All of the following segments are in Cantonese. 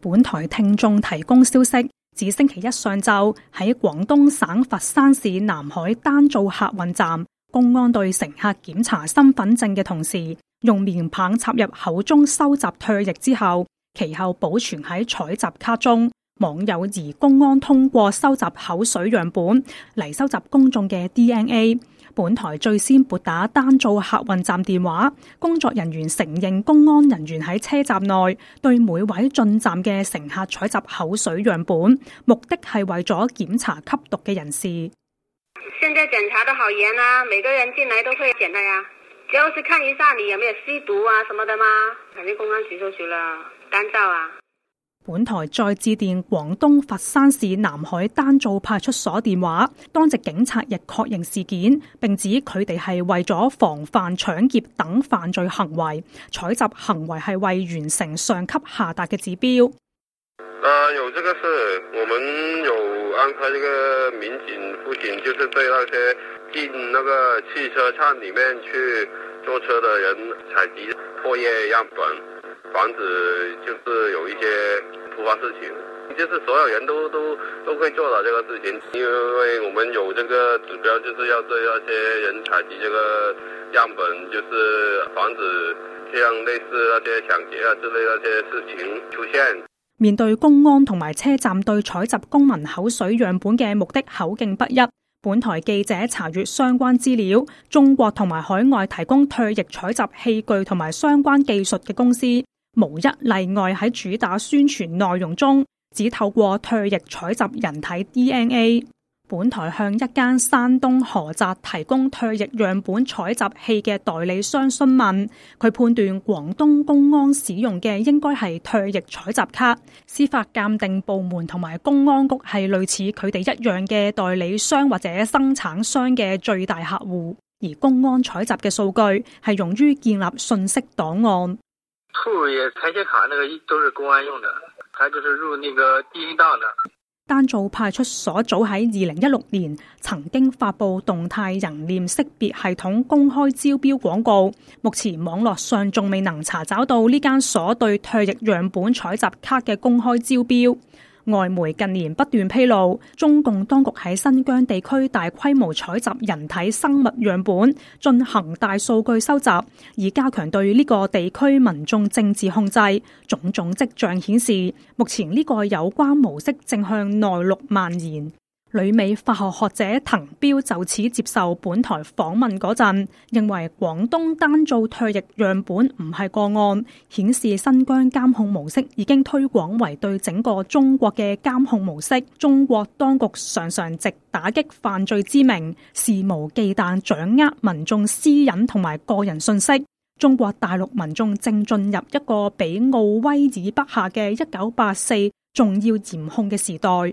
本台聽眾提供消息，自星期一上晝喺廣東省佛山市南海丹灶客運站，公安對乘客檢查身份證嘅同時，用棉棒插入口中收集唾液之後，其後保存喺採集卡中。網友疑公安通過收集口水樣本嚟收集公眾嘅 DNA。本台最先撥打丹灶客運站電話，工作人員承認公安人員喺車站內對每位進站嘅乘客採集口水樣本，目的係為咗檢查吸毒嘅人士。現在檢查得好嚴啦、啊，每個人進來都會檢查呀、啊，就是看一下你有沒有吸毒啊什麼的嗎？反正公安局收取了單照啊。本台再致電廣東佛山市南海丹灶派出所電話，當值警察亦確認事件，並指佢哋係為咗防範搶劫等犯罪行為，採集行為係為完成上級下達嘅指標。啊、呃，有這個事，我們有安排一個民警，不僅就是對那些進那個汽車站裏面去坐車的人採集唾液樣本，防止就是有一些。事情，就是所有人都都都會做到這個事情，因為我們有這個指標，就是要對那些人採集這個樣本，就是防止像類似那些搶劫啊之類那些事情出現。面對公安同埋車站對採集公民口水樣本嘅目的口徑不一，本台記者查閱相關資料，中國同埋海外提供唾液採集器具同埋相關技術嘅公司。無一例外喺主打宣傳內容中，只透過唾液採集人體 DNA。本台向一間山東菏澤提供唾液樣本採集器嘅代理商詢問，佢判斷廣東公安使用嘅應該係唾液採集卡。司法鑑定部門同埋公安局係類似佢哋一樣嘅代理商或者生產商嘅最大客戶，而公安採集嘅數據係用於建立信息檔案。丹灶派出所早喺二零一六年曾經發布動態人臉識別系統公開招標廣告，目前網絡上仲未能查找到呢間所對唾液樣本採集卡嘅公開招標。外媒近年不斷披露，中共當局喺新疆地區大規模採集人體生物樣本，進行大數據收集，以加強對呢個地區民眾政治控制。種種跡象顯示，目前呢個有關模式正向內陸蔓延。旅美法學學者滕彪就此接受本台訪問嗰陣，認為廣東單做唾液樣本唔係個案，顯示新疆監控模式已經推廣為對整個中國嘅監控模式。中國當局常常藉打擊犯罪之名，肆無忌憚掌握民眾私隱同埋個人信息。中國大陸民眾正進入一個比奧威爾筆下嘅一九八四仲要嚴控嘅時代。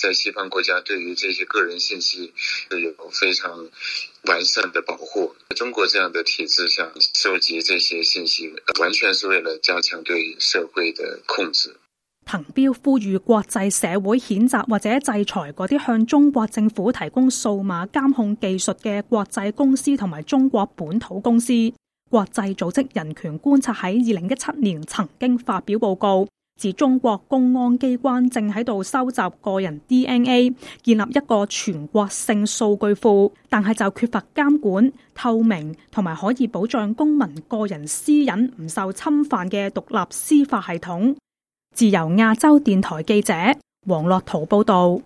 在西方國家，對於這些個人信息有非常完善的保護。中國這樣的體制上收集這些信息完全是為了加強對社會的控制。滕彪呼籲國際社會譴責或者制裁嗰啲向中國政府提供數碼監控技術嘅國際公司同埋中國本土公司。國際組織人權觀察喺二零一七年曾經發表報告。自中國公安機關正喺度收集個人 DNA，建立一個全國性數據庫，但係就缺乏監管、透明同埋可以保障公民個人私隱唔受侵犯嘅獨立司法系統。自由亞洲電台記者黃樂圖報道。